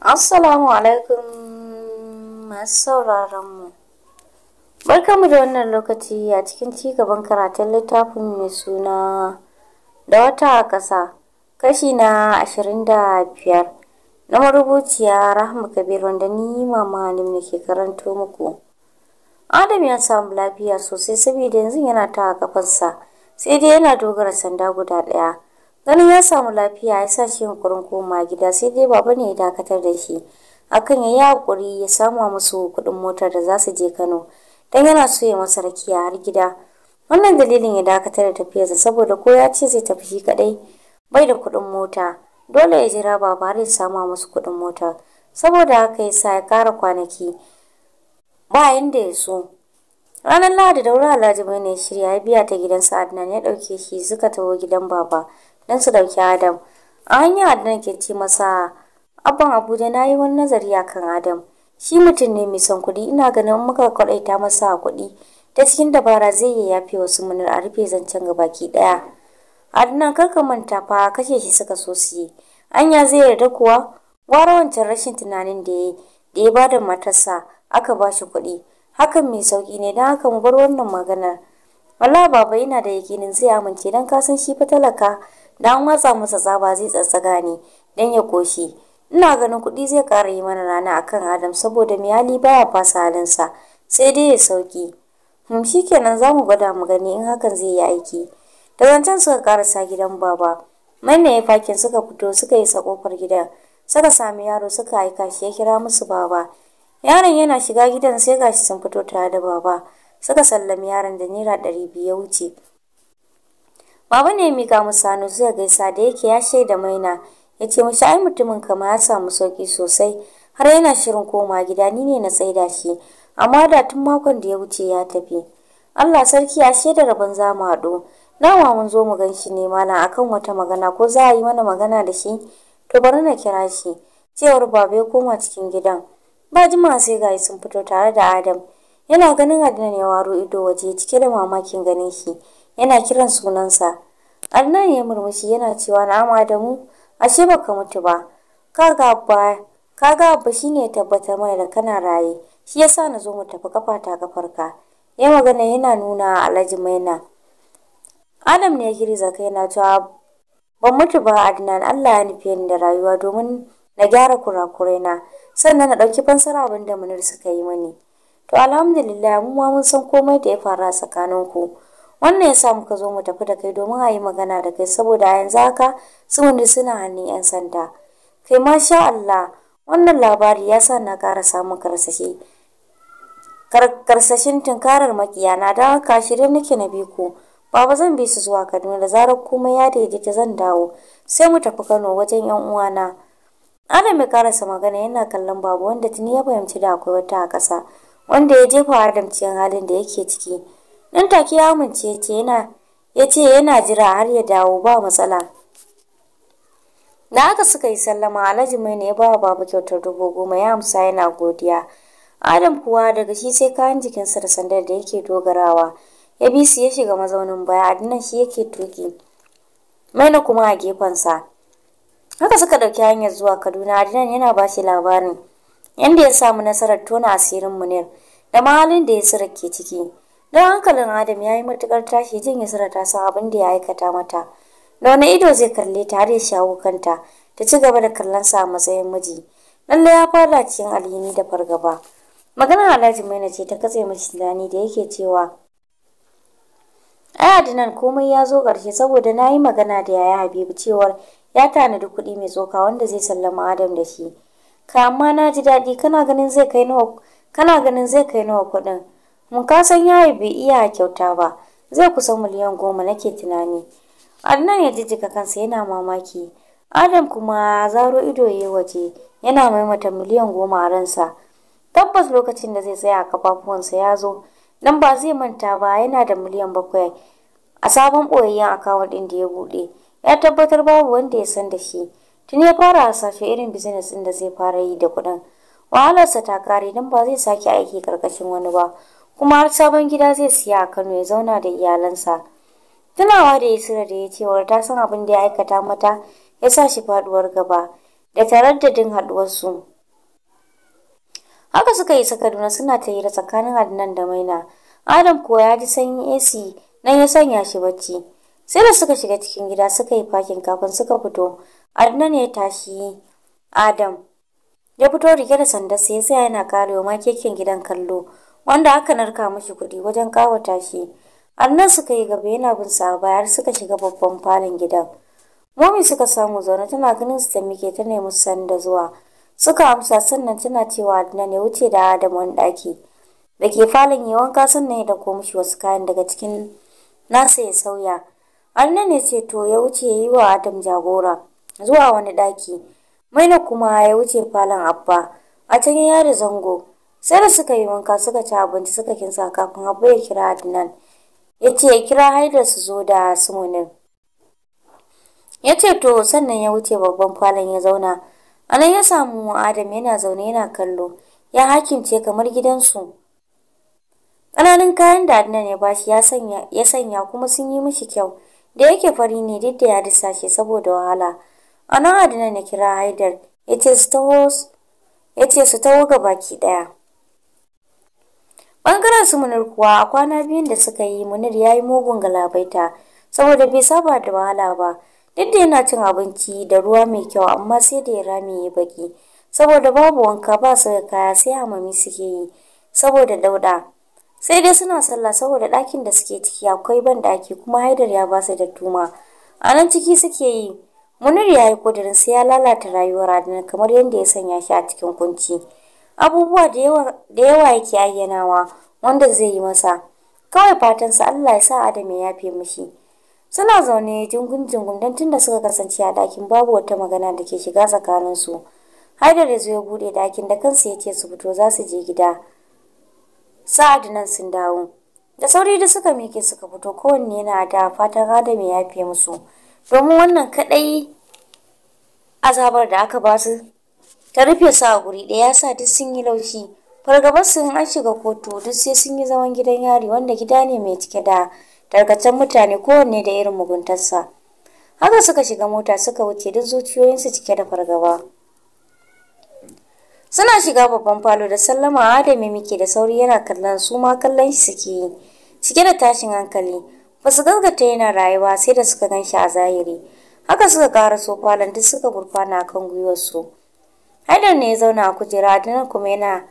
Assalamu alaikum masu sauraronmu. Barkanmu da wannan lokaci a cikin ci gaban karatun littafin mai suna da wata ƙasa kashi na ashirin da biyar na marubuciya Rahma Kabir wanda ni mama ne ke karanto muku. Adam ya samu lafiya sosai saboda yanzu yana ta kafansa sai dai yana dogara sanda guda ɗaya. ganin ya samu lafiya ya sa shi hankurin koma gida sai dai baba ne ya dakatar da shi akan ya yi hakuri ya samu musu kuɗin motar da za su je kano dan yana so ya masa rakiya har gida wannan dalilin ya dakatar da tafiyarsa saboda ko ya ce zai tafi shi kaɗai bai da kuɗin mota dole ya jira baba har ya samu musu kuɗin mota saboda haka ya sa ya kara kwanaki ba yanda ya so ranar lahadi da wuri alhaji bai ne shirya ya biya ta gidan sa'ad ya ɗauke shi suka taho gidan baba dan su dauki adam a hanyar adnan ke ce masa abban abuja na yi wani nazari akan adam shi mutum ne mai son kuɗi ina ganin in muka kwaɗaita masa kuɗi ta cikin dabara zai iya yafe wasu munar a rufe zancen ki ɗaya adnan ka manta fa kashe shi suka so su yi anya zai yarda kuwa gwara wancan rashin tunanin da ya da ya bada matarsa aka ba shi kuɗi hakan mai sauki ne don haka mu bar wannan maganar wallahi baba ina da yakinin zai amince don ka san shi fa talaka da an watsa masa tsaba zai tsatsaga ne dan ya koshi ina ganin kuɗi zai ƙara yi mana rana akan adam saboda miyali baya fasa halinsa sai dai ya sauki hmm shikenan za mu gwada mu gani in hakan zai yi aiki da wancan suka karasa gidan baba manna ya fakin suka fito suka isa kofar gidan suka sami yaro suka aika shi ya kira musu baba yaron yana shiga gidan sai gashi sun fito tare da baba suka sallami yaron da naira ɗari biyu ya wuce Baba ne mika musu hannu zuwa gaisa da yake ya shaida maina. yace ce mashi ai mutumin kama ya samu sauki sosai. Har yana shirin koma gida ni ne na tsaida shi. Amma da tun makon da ya wuce ya tafi. Allah sarki ya shaida rabon za mu haɗu. wa mun zo mu gan shi ne mana akan wata magana ko za a yi mana magana da shi. To bari na kira shi. Cewar baba ya koma cikin gidan. Ba jima sai gayi sun fito tare da Adam. Yana ganin Adnan ya waro ido waje cike da mamakin ganin shi. yana kiran sunansa annan ya murmushi yana cewa da mu ashe baka mutu ba kaga ba kaga ba shine tabbatar mana da kana raye shi yasa na zo mu tafi kafa ta kafarka ya magana yana nuna Alhaji Maina Adam ne ya giriza kai yana cewa ban mutu ba Adnan Allah ya nufe ni da rayuwa domin na gyara kurakurai na sannan na ɗauki fansar abin da munir suka yi mani to alhamdulillah mu ma mun san komai da ya faru a tsakaninku wannan ya sa muka zo mu tafi da kai domin a yi magana da kai saboda a yanzu haka su wani suna hannun 'yan sanda kai masha Allah wannan labari ya sa na kara samun karsashi karsashin tunkarar makiya na da haka shirye nake na bi ku baba zan bi su zuwa Kaduna da zarar kuma ya daidaita zan dawo sai mu tafi Kano wajen 'yan uwana Adam ya karasa magana yana kallon babu wanda tuni ya fahimci da akwai wata a kasa wanda ya jefa Adam cikin halin da yake ciki. nan take ya amince ce yana ya yana jira har ya dawo ba matsala da haka suka yi sallama alhaji mai ne ya ba wa baba kyautar dubu goma ya amsa yana godiya adam kuwa daga shi sai kayan jikinsa da sandar da yake dogarawa ya bi su ya shiga mazaunin baya adnan shi yake tuki maina kuma a gefensa haka suka ɗauki hanyar zuwa kaduna adnan yana ba shi labarin yanda ya samu nasarar tona asirin munir da mahalin da ya ke ciki don hankalin adam ya yi matukar tashi jin yasira ta san abin da ya aikata mata da wani ido zai kalle ta har ya shawo kanta ta ci gaba da kallon sa a matsayin miji lalle ya fara cikin alhini da fargaba maganar alhaji maina ce ta katse mashi tunani da yake cewa ai adinan komai ya zo ƙarshe saboda na yi magana da yaya habibu cewar ya tanadi kuɗi mai tsoka wanda zai sallama adam da shi ka amma na ji daɗi kana ganin zai kai nawa kana ganin zai kai nawa kuɗin mun ka san yayi bai iya kyauta ba zai kusa miliyan goma nake tunani adnan ya jijjiga kansa yana mamaki adam kuma zaro ido ya waje yana mai mata miliyan goma a ransa tabbas lokacin da zai tsaya a kafafuwansa ya zo dan ba zai manta ba yana da miliyan bakwai a sabon ɓoyayyen akawun ɗin da ya buɗe ya tabbatar babu wanda ya san da shi tun ya fara hasashe irin business ɗin da zai fara yi da kuɗin wahalarsa ta kare dan ba zai sake aiki karkashin wani ba kuma har sabon gida zai siya a Kano ya zauna da iyalansa. Tunawa da Yusra da ya wa ta san abin da ya aikata mata ya sa shi faduwar gaba da taraddadin haduwarsu. Haka suka yi Kaduna suna ta hira tsakanin Adnan da Maina. Adam kuwa ya ji sanyin AC nan ya sanya shi bacci. Sai da suka shiga cikin gida suka yi fakin kafin suka fito. Adnan ya tashi Adam ya fito rike da sanda sai ya tsaya yana karewa ma keken gidan kallo. wanda aka narka mashi kuɗi wajen ƙawata shi annan suka yi gaba yana bin sa har suka shiga babban falon gidan momi suka samu zaune tana ganin su ta mike ta nemi sanda zuwa suka amsa sannan tana cewa Adnan ya wuce da Adam wani ɗaki da ke falon yi wanka sannan ya dako mishi wasu kayan daga cikin nasa ya sauya Adnan ya ce to ya wuce ya yi wa Adam jagora zuwa wani ɗaki Maina kuma ya wuce falon Abba a can ya da zango sai da suka yi wanka suka ci abinci suka kinsa kafin abu ya kira adnan ya ce ya kira haidar su zo da sumunin ya ce to sannan ya wuce babban falon ya zauna a nan ya samu adam yana zaune yana kallo ya hakimce kamar gidansu ƙananan kayan da adnan ya bashi ya sanya kuma sun yi mishi kyau da yake fari ne duk da ya disashe saboda wahala a nan adnan ya kira haidar ya ce su taho ga baki ɗaya Bangaren su Munir kuwa a kwana biyun da suka yi Munir ya yi mugun galabaita saboda bai saba da wahala ba. Duk da yana cin abinci da ruwa mai kyau amma sai da ya rame ya baki saboda babu wanka ba su da kaya sai hamami suke yi saboda dauda. Sai dai suna sallah saboda ɗakin da suke ciki akwai ban ɗaki kuma Haidar ya ba su da tuma. A nan ciki suke yi. Munir ya yi ƙudurin sai ya lalata rayuwar adana kamar yadda ya sanya shi a cikin kunci. abubuwa da yawa yake ayyanawa wanda zai yi masa kawai fatansa Allah ya sa Adam ya yafe mushi suna zaune jingun jingun don tunda suka kasance a dakin babu wata magana da ke shiga tsakaninsu haidar ya zo ya bude dakin da kansa ya ce su fito za su je gida sa'ad nan sun dawo da sauri da suka miƙe suka fito kowanne yana da fatan Adam ya yafe musu domin wannan kaɗai azabar da aka ba su ta rufe su a guri ɗaya ya sa duk sun yi laushi fargabar su an shiga kotu duk sai sun yi zaman gidan yari wanda gida ne mai cike da tarkacen mutane kowanne da irin muguntarsa haka suka shiga mota suka wuce duk zuciyoyinsu cike da fargaba suna shiga babban falo da sallama adami muke da sauri yana kallon su ma kallon shi suke yi cike da tashin hankali ba su gaggata yana rayuwa sai da suka gan shi a zahiri haka suka kara so falon duk suka gurfana kan gwiwarsu Haidar ne ya zauna a kujera Adnan kuma yana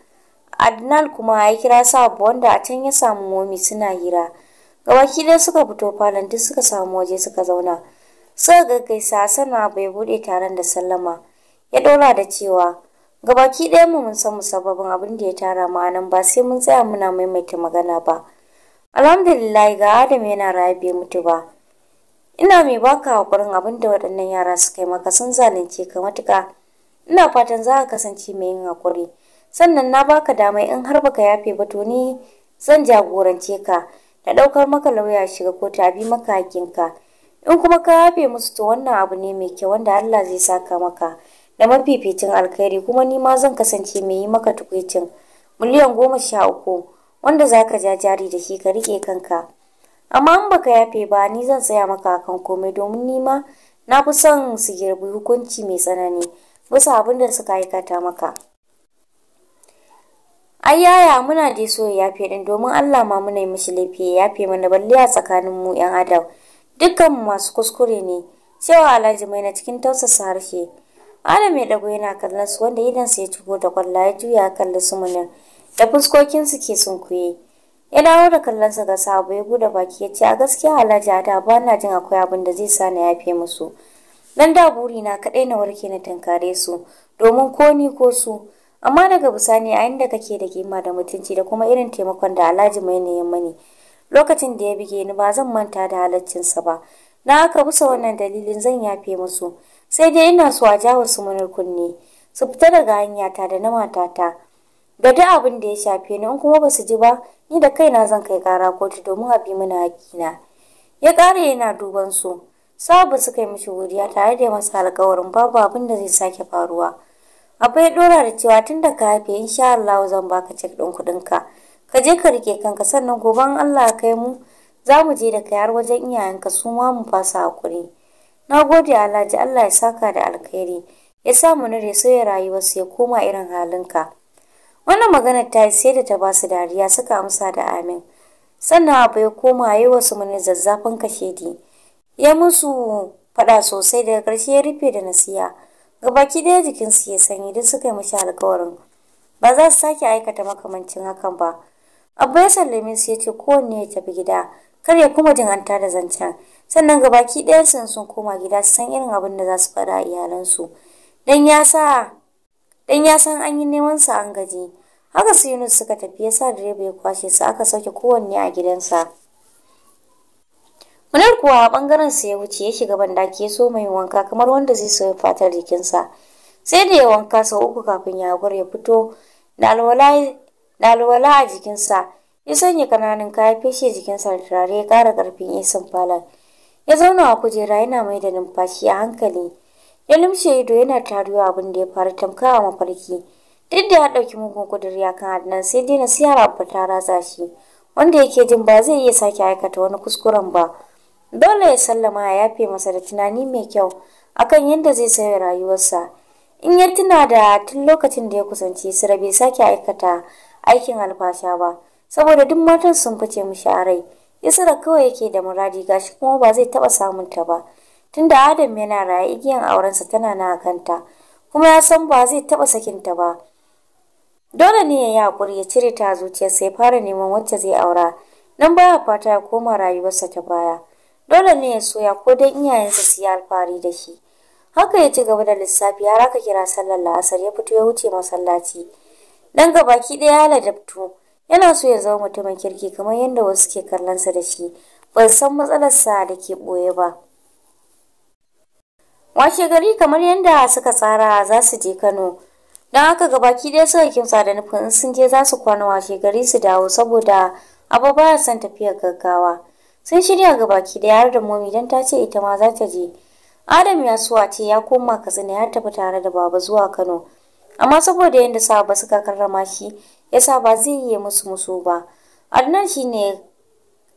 Adnan kuma ya kira Sabu wanda a can ya samu momi suna hira. Gabaki ɗaya suka fito falon duk suka samu waje suka zauna. Suka gaggaisa sana bai buɗe taron da sallama. Ya ɗora da cewa gabaki ɗaya mu mun san musabbabin abin da ya tara mu anan ba sai mun tsaya muna maimaita magana ba. Alhamdulillah ga Adam yana raye bai mutu ba. Ina mai baka hakurin abin da waɗannan yara suka yi maka sun zalunce ka matuƙa. ina fatan za ka kasance mai yin haƙuri sannan na baka damai in har baka yafe ba to ni zan jagorance ka da ɗaukar maka lauya shiga ko ta bi maka hakinka in kuma ka yafe musu to wannan abu ne mai kyau wanda Allah zai saka maka da mafificin alkhairi kuma ni ma zan kasance mai yi maka tukwicin miliyan goma sha uku wanda za ka ja jari da shi ka riƙe kanka amma in baka yafe ba ni zan tsaya maka kan komai domin ni ma na fi son su girbi hukunci mai tsanani musu abin da suka aikata maka ai yaya muna da so ya yafe din domin Allah ma muna yi mishi laifi ya yafe mana balle a tsakanin mu yan adam dukkan masu kuskure ne cewa Alhaji mai na cikin tausasa harshe Adam ya dago yana kallon su wanda idan su ya cigo da kwalla ya juya kallon su munin da fuskokin su ke sunkuye ya dawo da kallon sa ga sabo ya bude baki ya ce a gaskiya Alhaji da ba na jin akwai abin da zai sa na yafe musu dan da burina kaɗai na warke na tankare su domin ko ni ko su amma daga bisani a inda kake da kima da mutunci da kuma irin taimakon da alhaji mai ne mani lokacin da ya bige ni ba zan manta da sa ba na aka busa wannan dalilin zan yafe musu sai dai ina so a jawo su kunne su fita daga hanyata da na matata da duk abin da ya shafe ni in kuma ba su ji ba ni da kaina zan kai kara kotu domin a bi mana haƙƙina ya kare yana duban su sabu suka yi mishi godiya tare da masa alkawarin babu abin da zai sake faruwa abai dora da cewa tun da ka haife insha Allah zan baka cek din kuɗin ka ka je ka rike kanka sannan gobe Allah ya kai mu za mu je da kai har wajen iyayenka su ma mu fasa hakuri na gode Alhaji Allah ya saka da alkhairi ya sa mu nare sauya su ya koma irin halinka wannan maganar ta yi sai da ta ba su dariya suka amsa da amin sannan abu ya koma yi wasu mani zazzafin kashedi ya musu faɗa sosai daga ƙarshe ya rufe da nasiya gabaki ɗaya jikinsu ya sanyi duk suka yi mashi alkawarin ba za su sake aikata makamancin hakan ba abba ya sallame su ya ce kowanne ya tafi gida kar ya kuma jin an da zancen sannan gabaki ɗaya sun sun koma gida su san irin abin da za su faɗa iyalansu dan ya sa dan ya san an yi neman sa an gaji haka su Yunus suka tafi ya sa direba ya kwashe su aka sauke kowanne a gidansa Munar kuwa a bangaren sa ya wuce ya shiga bandaki ya so mai wanka kamar wanda zai soya fatar jikinsa. Sai da ya wanka sau uku kafin ya haƙura ya fito da alwala a jikinsa. Ya sanya kananan kaya feshe jikinsa da turare ya kara karfin isan falon. Ya zauna a kujera yana mai da numfashi a hankali. Ya lumshe ido yana taruwa abin da ya faru tamkawa mafarki. Duk da ya ɗauki mugun kuduri a kan Adnan sai dai nasiyar abu ta ratsa shi. Wanda yake jin ba zai iya sake aikata wani kuskuren ba. dole ya sallama ya yafe masa da tunani mai kyau akan yadda zai sayo rayuwarsa in ya tuna da tun lokacin da ya kusanci sira bai sake aikata aikin alfasha ba saboda duk matan sun fice mishi a rai isra kawai yake da muradi gashi kuma ba zai taba samun ta ba tunda adam yana raye igiyan aurensa tana na kanta kuma ya san ba zai taba ta ba dole ne ya yi hakuri ya cire ta zuciyarsa ya fara neman wacce zai aura nan baya fata ya koma rayuwarsa ta baya dole ne ya soya ko dan iyayensa su yi alfahari da shi haka ya ci gaba da lissafi har aka kira sallar la'asar ya fito ya wuce masallaci dan gabaki ɗaya ya ladabtu yana so ya zama mutumin kirki kamar yadda wasu ke kallonsa da shi ban san matsalar sa da ke ɓoye ba washe gari kamar yadda suka tsara za su je kano dan haka gabaki ɗaya suka kimsa da nufin sun je za su kwana washe gari su dawo saboda abu baya son tafiyar gaggawa sun shirya ga baki da yar da momi don ta ce ita ma za ta je adam ya suwa ce ya koma katsina ya tafi tare da baba zuwa kano amma saboda yadda saba suka karrama shi ya sa ba zai yi musu musu ba adnan shi ne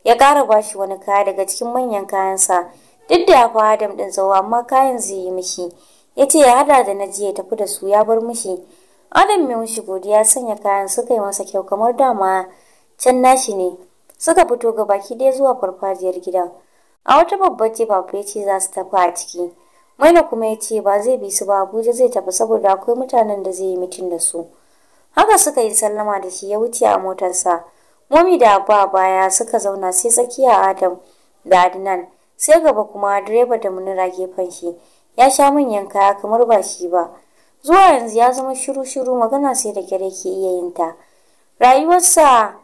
ya kara ba shi wani kaya daga cikin manyan kayansa duk da ya fi adam ɗin zau amma kayan zai yi mishi ya ce ya hada da na jiya tafi da su ya bar mishi adam mai mishi godiya sanya kayan suka yi masa kyau kamar dama can nashi ne suka fito ga baki ɗaya zuwa farfajiyar gidan a wata babbar ce ba ya ce za su tafi a ciki maina kuma ya ce ba zai bi su ba abuja zai tafi saboda akwai mutanen da zai yi mitin da su haka suka yi sallama da shi ya wuce a motarsa momi da abba baya suka zauna sai tsakiya adam da adnan sai gaba kuma direba da munira gefen shi ya sha manyan kaya kamar ba shi ba zuwa yanzu ya zama shiru-shiru magana sai da kyar yake iya yin ta rayuwarsa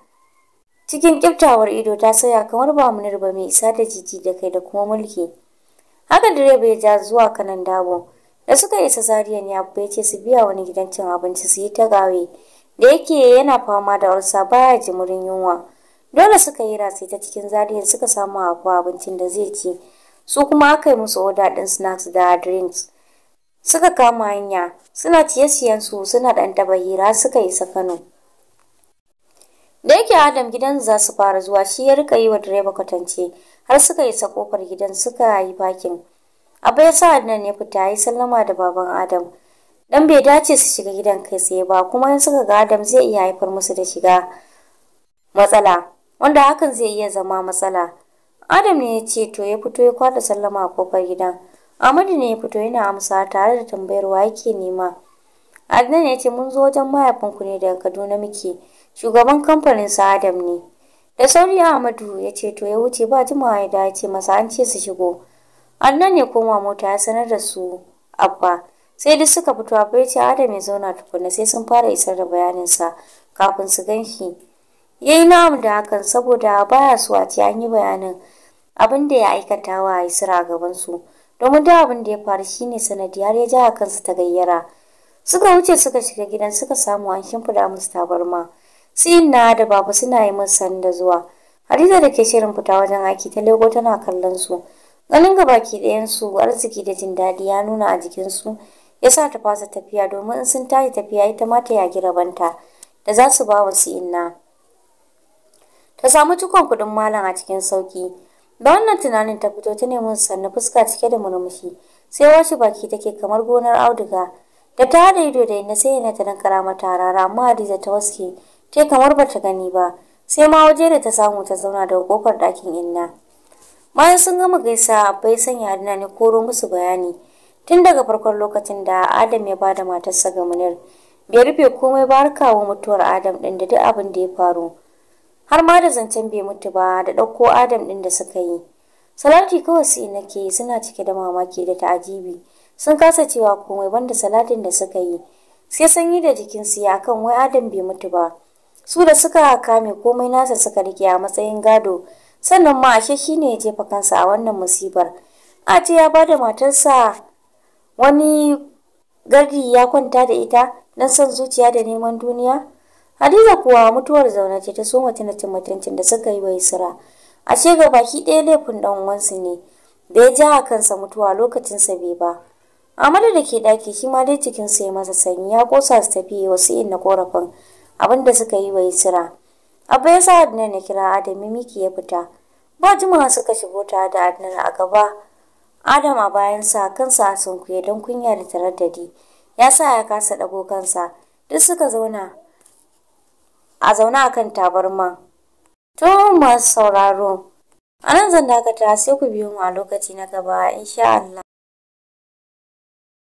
cikin kiftawar ido ta saya kamar ba mu nirba mai isa da jiji da kai da kuma mulki haka direba ya ja zuwa kanan dabo da suka isa zariyan ya ya ce su biya wani gidan cin abinci su yi ta gawe da yake yana fama da ulsa baya murin yunwa dole suka yi ratsi ta cikin zariyan suka samu akwai abincin da zai ci su kuma aka yi musu oda ɗin snacks da drinks suka kama hanya suna ciye-ciyen su suna ɗan taba hira suka isa kano da yake adam gidan za su fara zuwa shi ya rika yi wa direba kwatance har suka isa kofar gidan suka yi bakin abu ya sa adnan ya fita ya sallama da baban adam dan bai dace su shiga gidan kai tsaye ba kuma in suka ga adam zai iya haifar musu da shiga matsala wanda hakan zai iya zama matsala adam ne ya ce to ya fito ya kwada sallama a kofar gidan amadu ne ya fito yana amsa tare da tambayar wa yake nema adnan ya ce mun zo wajen mahaifinku ne daga kaduna muke shugaban kamfanin sa Adam ne. Da sauri Ahmadu ya ce to ya wuce ba jimawa ya dace masa an ce su shigo. Annan ne koma mota ya sanar da su abba. Sai duk suka fito abba ya Adam ya zauna tukuna sai sun fara isar da bayanin sa kafin su ganshi. shi. Ya yi na'am da hakan saboda baya su a ce an yi bayanin abin da ya aikata wa Isra gabansu. Domin da abin da ya faru shine har ya ja kansa ta gayyara. Suka wuce suka shiga gidan suka samu an shimfida musu tabarma. tsin da baba suna yi min da zuwa hadiza da ke shirin fita wajen aiki ta lego tana kallon su ganin ga baki ɗayan su arziki da jin daɗi ya nuna a jikin su ya sa ta fasa tafiya domin in sun tashi tafiya ita ma ta yagi rabanta da za su ba wa su inna ta samu cikon kuɗin malam a cikin sauki da wannan tunanin ta fito ta nemi sannu fuska cike da murmushi sai washe baki take kamar gonar auduga da ta haɗa ido da inna sai yana ta dankara mata rara amma hadiza ta waske ce kamar ba ta gani ba sai ma waje da ta samu ta zauna daga kofar ɗakin inna bayan sun gama gaisa bai sanya adina ne koro musu bayani tun daga farkon lokacin da adam ya bada matarsa ga munir bai rufe komai ba har kawo mutuwar adam ɗin da duk abin da ya faru har ma da zancen bai mutu ba da ɗauko adam ɗin da suka yi salati kawai su nake suna cike da mamaki da ta'ajibi sun kasa cewa komai banda salatin da suka yi sai sanyi da jikinsu ya kan wai adam bai mutu ba su da suka kame komai nasa suka rike a matsayin gado sannan ma ashe shi ne ya jefa kansa a wannan musibar a ce ya da matarsa wani gardi ya kwanta da ita don son zuciya da neman duniya hadiza kuwa mutuwar zaune ce ta soma tunacin mutuncin da suka yi wa isra ashe ga baki ɗaya laifin ɗan uwansu ne da ya ja a kansa mutuwa lokacinsa bai ba amadu da ke ɗaki shi ma dai cikinsa ya masa sanyi ya kosa su tafi wasu inna korafin abinda suka yi wa Isra. abu ya sa Adnan ya kira Adam miki ya fita. Ba jimawa suka shigo ta da Adnan a gaba. Adam a bayansa kansa a sunkuye don kunya da taraddadi. Ya sa ya kasa ɗago kansa. Duk suka zauna a zauna akan tabarman. To masu sauraro. A nan zan dakata sai ku biyo mu a lokaci na gaba insha Allah.